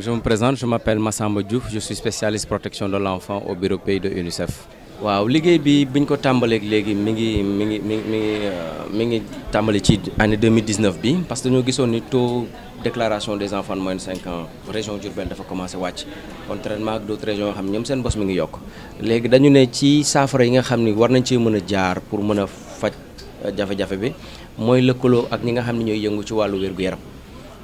Je me présente, je m'appelle Massamba Diouf, je suis spécialiste protection de l'enfant au bureau pays de l'UNICEF. waaw liggéey bi bi ñu ko tàmbaleeg léegi mi ngi mi ngi mi ngi ci année 2019 bi parce que dañoo gisoon ni taux déclaration des enfants de moins de 5 ans région Diourbel dafa commencé wàcc contrairement ak d' autres régions yoo xam ne ñoom seen bos mi ngi yokk léegi dañu ne ci saafara yi nga xam ni war nañ cee mën jaar pour mën a faj jafe bi mooy lëkkaloo ak ñi nga xam ne ñooy yëngu ci wàllu wér-gu-yaram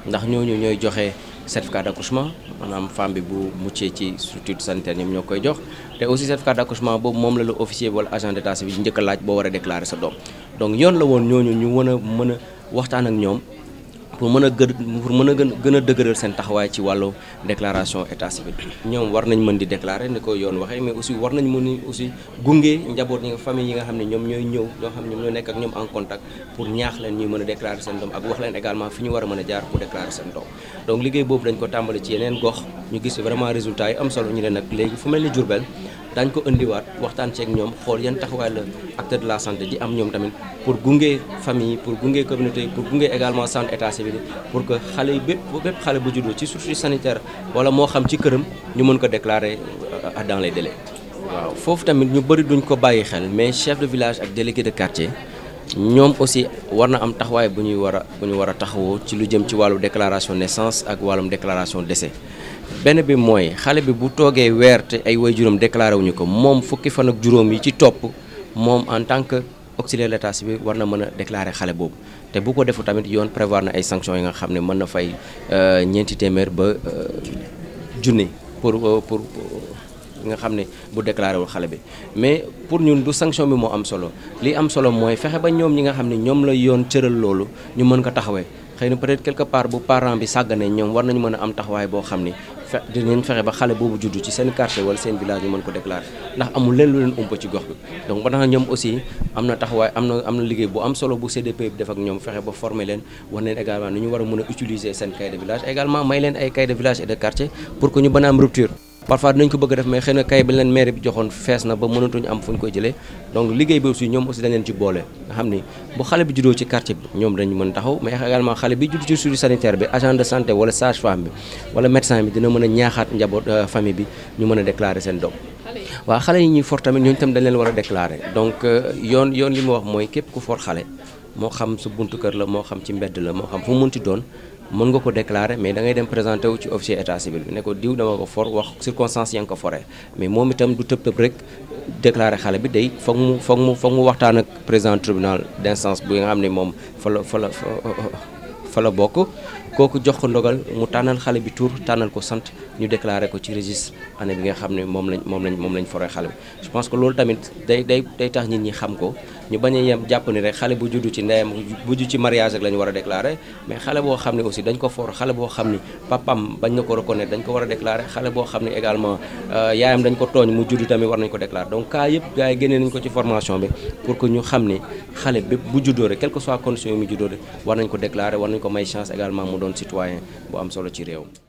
ndax ñooñu ñooy joxe. certificat d'accouchement maanaam femme bi bu muccee ci structure sanitaire ñoo koy jox te aussi certificat d'accouchement boobu moom la la officier wala agent d'état civil njëkk a laaj boo war a déclarer sa doom donc yoon la woon ñooñu ñu mën a mën a waxtaan ak ñoom pour mën a gën a gën seen taxawaay ci wàllu déclaration état civil ñoom war nañ mën di déclarer ni ko yoon waxee mais aussi war nañ mën aussi gunge njaboot yi nga xam ne ñoom ñooy ñëw ñoo xam ne ñoom ñoo nekk ak ñoom en contact pour ñaax leen ñuy mën a déclarer seen doom ak wax leen également fi ñu war mën a jaar pour déclarer seen doom donc liggéey boobu dañ ko tàmbali ci yeneen gox ñu gis vraiment résultat yi am solo ñu leen nag léegi dañ ko indiwaat waxtaan ceeg ñoom xool yan taxawaay la acteur de la santé di am ñoom tamit pour gunge famille pour gunge communauté pour gunge également centre état civil pour que xale yi bépp bépp xale bu juddoo ci structure sanitaire wala moo xam ci këram ñu mën ko déclarer euh, dans les délais waaw foofu tamit ñu bëri duñ ko bàyyi xel mais chef de village ak délégué de quartier ñoom aussi war na am taxawaay bu ñuy war a bu ñu war a taxawoo ci lu jëm ci wàllu déclaration naissance ak wàllum déclaration décès benn bi mooy xale bi bu toogee weer te ay waajuram déclaré wuñu ko moom fukki fan ak juróom yi ci topp moom en tant que auxiliaire d'état civil war na mën a déclarer xale boobu te bu ko defu tamit yoon prévoir na ay sanctions yi nga xam ne mën na fay euh, ñeenti téeméer ba euh, junni pour. Euh, nga xam ne bu déclaré wul xale bi mais pour ñun du sanction bi moo am solo li am solo mooy fexe ba ñoom ñi nga xam ne ñoom la yoon cëral loolu ñu mën ko taxawee xëy na peut-être quelque part bu parent bi sàgganee ñoom war nañu mën a am taxawaay boo xam ni fe fexe ba xale boobu juddu ci seen quartier wala seen village ñu mën ko déclarer ndax amul leen lu leen umpa ci gox bi donc ba tax ñoom aussi am na taxawaay am na am na liggéey bu am solo bu CDP bi ñoom fexe ba former leen war leen également ñu a mën seen cahier de village également leen ay cahier de village et de ñu bana am parfois dinañ ko bëgg a def mais xëy na kay bi leen maire bi joxoon fees na ba mënatuñu am fu ñu koy jëlee donc liggéey bi aussi ñoom aussi dañ leen ci boole nga xam ni bu xale bi juddoo ci quartier bi ñoom dañu mën taxaw mais également xale bi judd ci service sanitaire bi agent de santé wala sage femme bi wala médecin bi dina mën a ñaaxaat njaboot euh, famille bi ñu mën a déclarer seen doom waa xale yi ñuy for tamit ñooñu tam dañ leen war a déclarer donc euh, yoon yoon li mu wax mooy képp ku for xale moo xam su buntu kër la moo xam ci mbedd la moo xam fu mu mënti doon mën nga ko déclarer mais dangay dem présenté wu ci officier état civil bi ne ko diw dama ko for wax circonstance ya nga ko foree mais moom itam du tëb tëb rek déclarer xale bi day foog mu foog mu foog mu waxtaan ak président tribunal d'instance bi nga xam ni moom fa la fa la fa la bokk kooku jox ko ndogal mu tànnal xale bi tur tànnal ko sant ñu déclaré ko ci registre anne bi nga xam ne moom lañ moom lañ moom lañ foree xale bi je pense que loolu tamit day day day tax nit ñi xam rek xale bu juddu ci ndeyam bu juddu ci mariage rek la ñu war a déclaré mais xale boo xam ne aussi dañ ko for xale boo xam ni papam bañ na ko reconnaître dañ ko war a déclaré xale boo xam ne également euh, yaayam dañ ko tooñ mu juddu tamit war nañ ko déclaré donc cas yëpp gars yi génnee nañ ko ci formation bi pour que ñu xam ne xale bépp bu juddoo rek quelle que soit ko may chance également mu doon citoyen bu am solo ci réew